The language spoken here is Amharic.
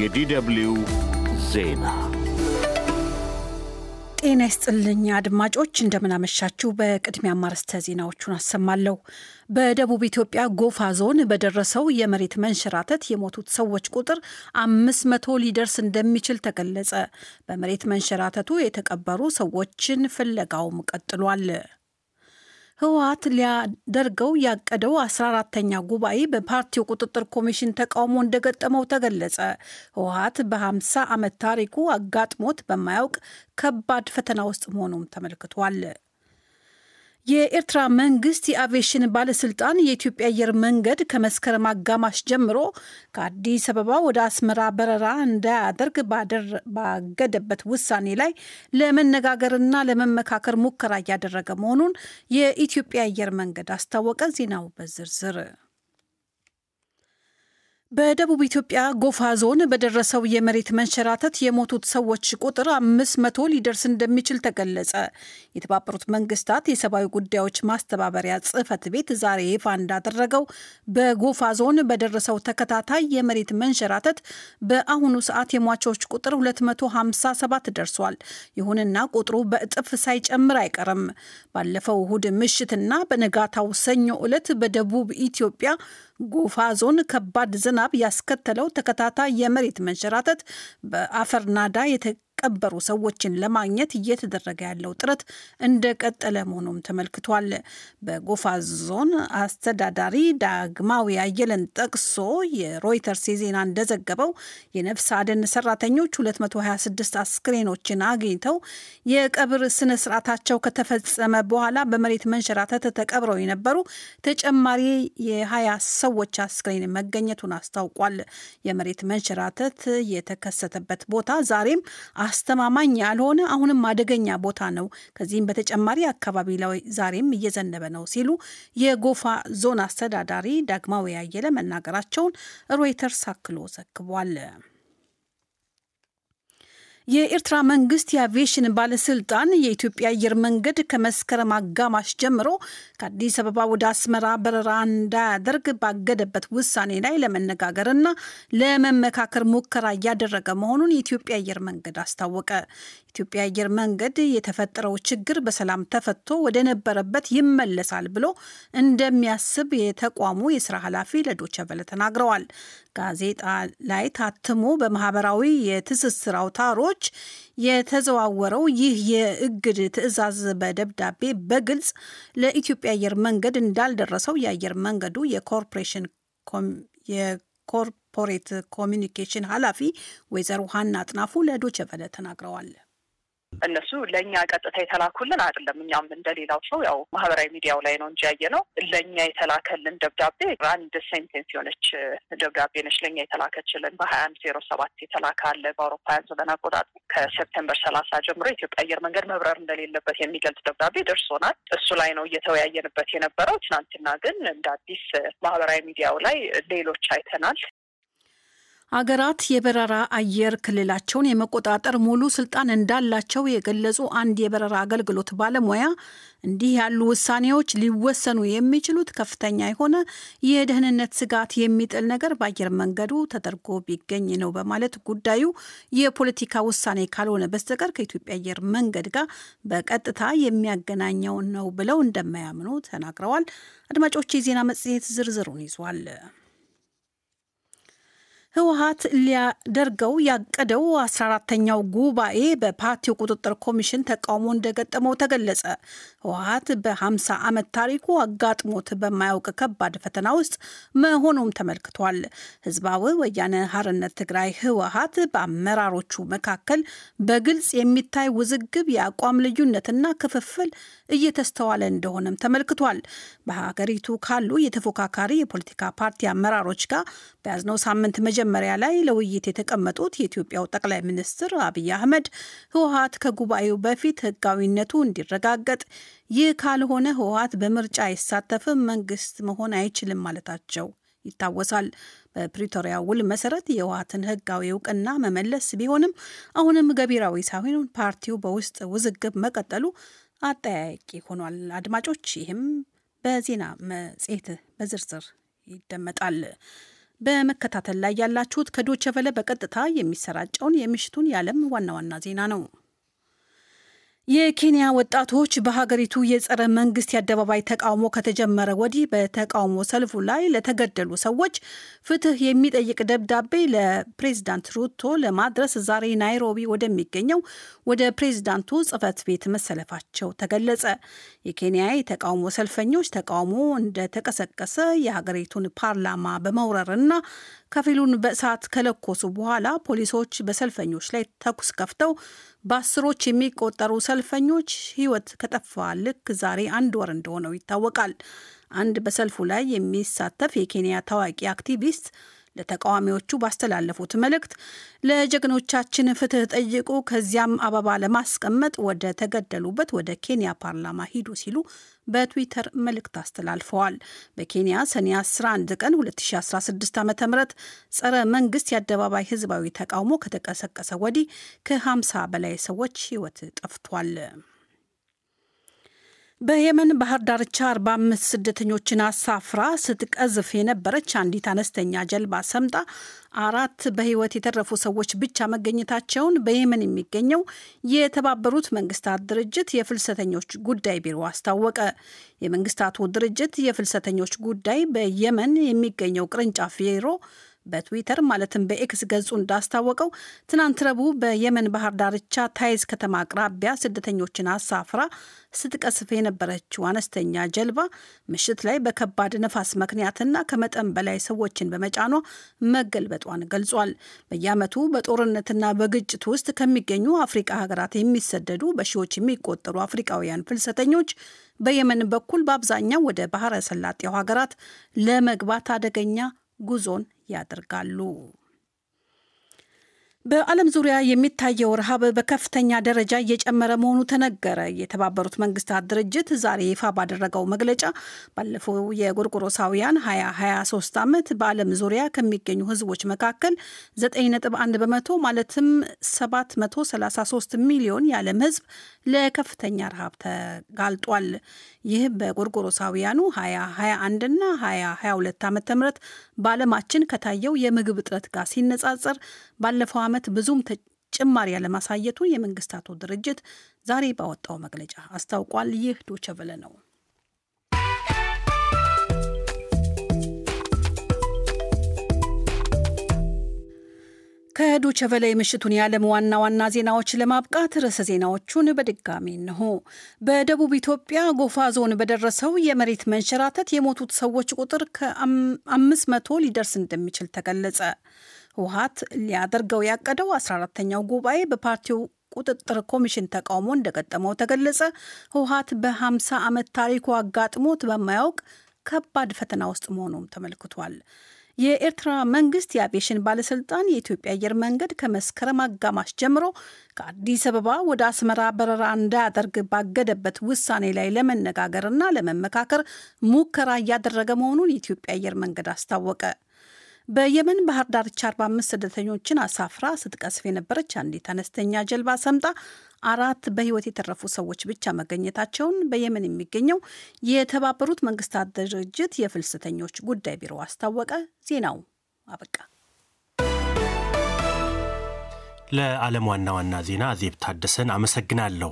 የዲደብልዩ ዜና ጤና ይስጥልኝ አድማጮች፣ እንደምናመሻችሁ። በቅድሚያ አማርስተ ዜናዎቹን አሰማለሁ። በደቡብ ኢትዮጵያ ጎፋ ዞን በደረሰው የመሬት መንሸራተት የሞቱት ሰዎች ቁጥር አምስት መቶ ሊደርስ እንደሚችል ተገለጸ። በመሬት መንሸራተቱ የተቀበሩ ሰዎችን ፍለጋውም ቀጥሏል። ህወሀት ሊያደርገው ያቀደው 14ተኛ ጉባኤ በፓርቲው ቁጥጥር ኮሚሽን ተቃውሞ እንደገጠመው ተገለጸ። ህወሀት በ50 ዓመት ታሪኩ አጋጥሞት በማያውቅ ከባድ ፈተና ውስጥ መሆኑም ተመልክቷል። የኤርትራ መንግስት የአቪዬሽን ባለስልጣን የኢትዮጵያ አየር መንገድ ከመስከረም አጋማሽ ጀምሮ ከአዲስ አበባ ወደ አስመራ በረራ እንዳያደርግ ባገደበት ውሳኔ ላይ ለመነጋገርና ለመመካከር ሙከራ እያደረገ መሆኑን የኢትዮጵያ አየር መንገድ አስታወቀ። ዜናው በዝርዝር በደቡብ ኢትዮጵያ ጎፋ ዞን በደረሰው የመሬት መንሸራተት የሞቱት ሰዎች ቁጥር አምስት መቶ ሊደርስ እንደሚችል ተገለጸ። የተባበሩት መንግስታት የሰብአዊ ጉዳዮች ማስተባበሪያ ጽህፈት ቤት ዛሬ ይፋ እንዳደረገው በጎፋ ዞን በደረሰው ተከታታይ የመሬት መንሸራተት በአሁኑ ሰዓት የሟቾች ቁጥር 257 ደርሷል። ይሁንና ቁጥሩ በእጥፍ ሳይጨምር አይቀርም። ባለፈው እሁድ ምሽትና በነጋታው ሰኞ ዕለት በደቡብ ኢትዮጵያ ጎፋ ዞን ከባድ ዝናብ ያስከተለው ተከታታይ የመሬት መንሸራተት በአፈርናዳ የተቀበሩ ሰዎችን ለማግኘት እየተደረገ ያለው ጥረት እንደቀጠለ መሆኑም ተመልክቷል። በጎፋ ዞን አስተዳዳሪ ዳግማዊ አየለን ጠቅሶ የሮይተርስ የዜና እንደዘገበው የነፍስ አድን ሰራተኞች 226 አስክሬኖችን አግኝተው የቀብር ስነ ስርዓታቸው ከተፈጸመ በኋላ በመሬት መንሸራተት ተቀብረው የነበሩ ተጨማሪ የሀያ ሰዎች አስክሬን መገኘቱን አስታውቋል። የመሬት መንሸራተት የተከሰተበት ቦታ ዛሬም አስተማማኝ ያልሆነ አሁንም አደገኛ ቦታ ነው። ከዚህም በተጨማሪ አካባቢ ላይ ዛሬም እየዘነበ ነው ሲሉ የጎፋ ዞን አስተዳዳሪ ዳግማዊ አየለ መናገራቸውን ሮይተርስ አክሎ ዘግቧል። የኤርትራ መንግስት የአቪዬሽን ባለስልጣን የኢትዮጵያ አየር መንገድ ከመስከረም አጋማሽ ጀምሮ ከአዲስ አበባ ወደ አስመራ በረራ እንዳያደርግ ባገደበት ውሳኔ ላይ ለመነጋገር እና ለመመካከር ሙከራ እያደረገ መሆኑን የኢትዮጵያ አየር መንገድ አስታወቀ። ኢትዮጵያ አየር መንገድ የተፈጠረው ችግር በሰላም ተፈቶ ወደ ነበረበት ይመለሳል ብሎ እንደሚያስብ የተቋሙ የስራ ኃላፊ ለዶቸ ተናግረዋል። ጋዜጣ ላይ ታትሞ በማህበራዊ የትስስር አውታሮች የተዘዋወረው ይህ የእግድ ትዕዛዝ በደብዳቤ በግልጽ ለኢትዮጵያ አየር መንገድ እንዳልደረሰው የአየር መንገዱ የኮርፖሬሽን የኮርፖሬት ኮሚኒኬሽን ኃላፊ ወይዘሮ ሀና አጥናፉ ለዶቸቨለ ተናግረዋል። እነሱ ለእኛ ቀጥታ የተላኩልን አይደለም። እኛም እንደሌላው ሰው ያው ማህበራዊ ሚዲያው ላይ ነው እንጂ ያየ ነው። ለእኛ የተላከልን ደብዳቤ አንድ ሴንቴንስ የሆነች ደብዳቤ ነች። ለእኛ የተላከችልን በሀያ አንድ ዜሮ ሰባት የተላከ አለ በአውሮፓውያን ዘመን አቆጣጠር ከሴፕቴምበር ሰላሳ ጀምሮ የኢትዮጵያ አየር መንገድ መብረር እንደሌለበት የሚገልጽ ደብዳቤ ደርሶናል። እሱ ላይ ነው እየተወያየንበት የነበረው። ትናንትና ግን እንደ አዲስ ማህበራዊ ሚዲያው ላይ ሌሎች አይተናል። አገራት የበረራ አየር ክልላቸውን የመቆጣጠር ሙሉ ስልጣን እንዳላቸው የገለጹ አንድ የበረራ አገልግሎት ባለሙያ እንዲህ ያሉ ውሳኔዎች ሊወሰኑ የሚችሉት ከፍተኛ የሆነ የደህንነት ስጋት የሚጥል ነገር በአየር መንገዱ ተደርጎ ቢገኝ ነው በማለት ጉዳዩ የፖለቲካ ውሳኔ ካልሆነ በስተቀር ከኢትዮጵያ አየር መንገድ ጋር በቀጥታ የሚያገናኘው ነው ብለው እንደማያምኑ ተናግረዋል። አድማጮች፣ የዜና መጽሔት ዝርዝሩን ይዟል። ህወሀት ሊያደርገው ያቀደው 14ተኛው ጉባኤ በፓርቲው ቁጥጥር ኮሚሽን ተቃውሞ እንደገጠመው ተገለጸ። ህወሀት በ50 ዓመት ታሪኩ አጋጥሞት በማያውቅ ከባድ ፈተና ውስጥ መሆኑም ተመልክቷል። ህዝባዊ ወያነ ሀርነት ትግራይ ህወሀት በአመራሮቹ መካከል በግልጽ የሚታይ ውዝግብ፣ የአቋም ልዩነትና ክፍፍል እየተስተዋለ እንደሆነም ተመልክቷል። በሀገሪቱ ካሉ የተፎካካሪ የፖለቲካ ፓርቲ አመራሮች ጋር በያዝነው ሳምንት መጀመሪያ ላይ ለውይይት የተቀመጡት የኢትዮጵያው ጠቅላይ ሚኒስትር አብይ አህመድ ህወሀት ከጉባኤው በፊት ህጋዊነቱ እንዲረጋገጥ፣ ይህ ካልሆነ ህወሀት በምርጫ አይሳተፍም፣ መንግስት መሆን አይችልም ማለታቸው ይታወሳል። በፕሪቶሪያ ውል መሰረት የህወሀትን ህጋዊ እውቅና መመለስ ቢሆንም አሁንም ገቢራዊ ሳይሆን ፓርቲው በውስጥ ውዝግብ መቀጠሉ አጠያቂ ሆኗል። አድማጮች፣ ይህም በዜና መጽሔት በዝርዝር ይደመጣል። በመከታተል ላይ ያላችሁት ከዶቸቨለ በቀጥታ የሚሰራጨውን የምሽቱን የዓለም ዋና ዋና ዜና ነው። የኬንያ ወጣቶች በሀገሪቱ የጸረ መንግስት የአደባባይ ተቃውሞ ከተጀመረ ወዲህ በተቃውሞ ሰልፉ ላይ ለተገደሉ ሰዎች ፍትህ የሚጠይቅ ደብዳቤ ለፕሬዚዳንት ሩቶ ለማድረስ ዛሬ ናይሮቢ ወደሚገኘው ወደ ፕሬዚዳንቱ ጽህፈት ቤት መሰለፋቸው ተገለጸ። የኬንያ የተቃውሞ ሰልፈኞች ተቃውሞ እንደተቀሰቀሰ የሀገሪቱን ፓርላማ በመውረርና ከፊሉን በእሳት ከለኮሱ በኋላ ፖሊሶች በሰልፈኞች ላይ ተኩስ ከፍተው በአስሮች የሚቆጠሩ ሰልፈኞች ሕይወት ከጠፋ ልክ ዛሬ አንድ ወር እንደሆነው ይታወቃል። አንድ በሰልፉ ላይ የሚሳተፍ የኬንያ ታዋቂ አክቲቪስት ለተቃዋሚዎቹ ባስተላለፉት መልእክት ለጀግኖቻችን ፍትህ ጠይቁ፣ ከዚያም አበባ ለማስቀመጥ ወደ ተገደሉበት ወደ ኬንያ ፓርላማ ሂዱ ሲሉ በትዊተር መልእክት አስተላልፈዋል። በኬንያ ሰኔ 11 ቀን 2016 ዓ ም ጸረ መንግስት የአደባባይ ህዝባዊ ተቃውሞ ከተቀሰቀሰ ወዲህ ከ50 በላይ ሰዎች ህይወት ጠፍቷል። በየመን ባህር ዳርቻ 45 ስደተኞችን አሳፍራ ስትቀዝፍ የነበረች አንዲት አነስተኛ ጀልባ ሰምጣ አራት በህይወት የተረፉ ሰዎች ብቻ መገኘታቸውን በየመን የሚገኘው የተባበሩት መንግስታት ድርጅት የፍልሰተኞች ጉዳይ ቢሮ አስታወቀ። የመንግስታቱ ድርጅት የፍልሰተኞች ጉዳይ በየመን የሚገኘው ቅርንጫፍ ቢሮ በትዊተር ማለትም በኤክስ ገጹ እንዳስታወቀው ትናንት ረቡዕ በየመን ባህር ዳርቻ ታይዝ ከተማ አቅራቢያ ስደተኞችን አሳፍራ ስትቀስፍ የነበረችው አነስተኛ ጀልባ ምሽት ላይ በከባድ ነፋስ ምክንያትና ከመጠን በላይ ሰዎችን በመጫኗ መገልበጧን ገልጿል። በየዓመቱ በጦርነትና በግጭት ውስጥ ከሚገኙ አፍሪቃ ሀገራት የሚሰደዱ በሺዎች የሚቆጠሩ አፍሪቃውያን ፍልሰተኞች በየመን በኩል በአብዛኛው ወደ ባህረ ሰላጤው ሀገራት ለመግባት አደገኛ ጉዞን ያደርጋሉ። በዓለም ዙሪያ የሚታየው ረሃብ በከፍተኛ ደረጃ እየጨመረ መሆኑ ተነገረ። የተባበሩት መንግስታት ድርጅት ዛሬ ይፋ ባደረገው መግለጫ ባለፈው የጎርጎሮሳውያን 2023 ዓመት በዓለም ዙሪያ ከሚገኙ ህዝቦች መካከል 9.1 በመቶ ማለትም 733 ሚሊዮን የዓለም ህዝብ ለከፍተኛ ረሃብ ተጋልጧል። ይህ በጎርጎሮሳውያኑ 2021 እና 2022 ዓ ም በዓለማችን ከታየው የምግብ እጥረት ጋር ሲነጻጸር ባለፈው ዓመት ዓመት ብዙም ጭማሪ ያለማሳየቱን የመንግስታቱ ድርጅት ዛሬ ባወጣው መግለጫ አስታውቋል። ይህ ዶቸበለ ነው። ከዶቸቨለ የምሽቱን የዓለም ዋና ዋና ዜናዎች ለማብቃት ርዕሰ ዜናዎቹን በድጋሚ እንሆ። በደቡብ ኢትዮጵያ ጎፋ ዞን በደረሰው የመሬት መንሸራተት የሞቱት ሰዎች ቁጥር ከአምስት መቶ ሊደርስ እንደሚችል ተገለጸ። ህወሀት ሊያደርገው ያቀደው 14ተኛው ጉባኤ በፓርቲው ቁጥጥር ኮሚሽን ተቃውሞ እንደገጠመው ተገለጸ። ህወሀት በ50 ዓመት ታሪኩ አጋጥሞት በማያውቅ ከባድ ፈተና ውስጥ መሆኑም ተመልክቷል። የኤርትራ መንግስት የአቪዬሽን ባለስልጣን የኢትዮጵያ አየር መንገድ ከመስከረም አጋማሽ ጀምሮ ከአዲስ አበባ ወደ አስመራ በረራ እንዳያደርግ ባገደበት ውሳኔ ላይ ለመነጋገርና ለመመካከር ሙከራ እያደረገ መሆኑን የኢትዮጵያ አየር መንገድ አስታወቀ። በየመን ባህር ዳርቻ 45 ስደተኞችን አሳፍራ ስትቀስፍ የነበረች አንዲት አነስተኛ ጀልባ ሰምጣ አራት በህይወት የተረፉ ሰዎች ብቻ መገኘታቸውን በየመን የሚገኘው የተባበሩት መንግስታት ድርጅት የፍልሰተኞች ጉዳይ ቢሮ አስታወቀ። ዜናው አበቃ። ለዓለም ዋና ዋና ዜና ዜብ ታደሰን አመሰግናለሁ።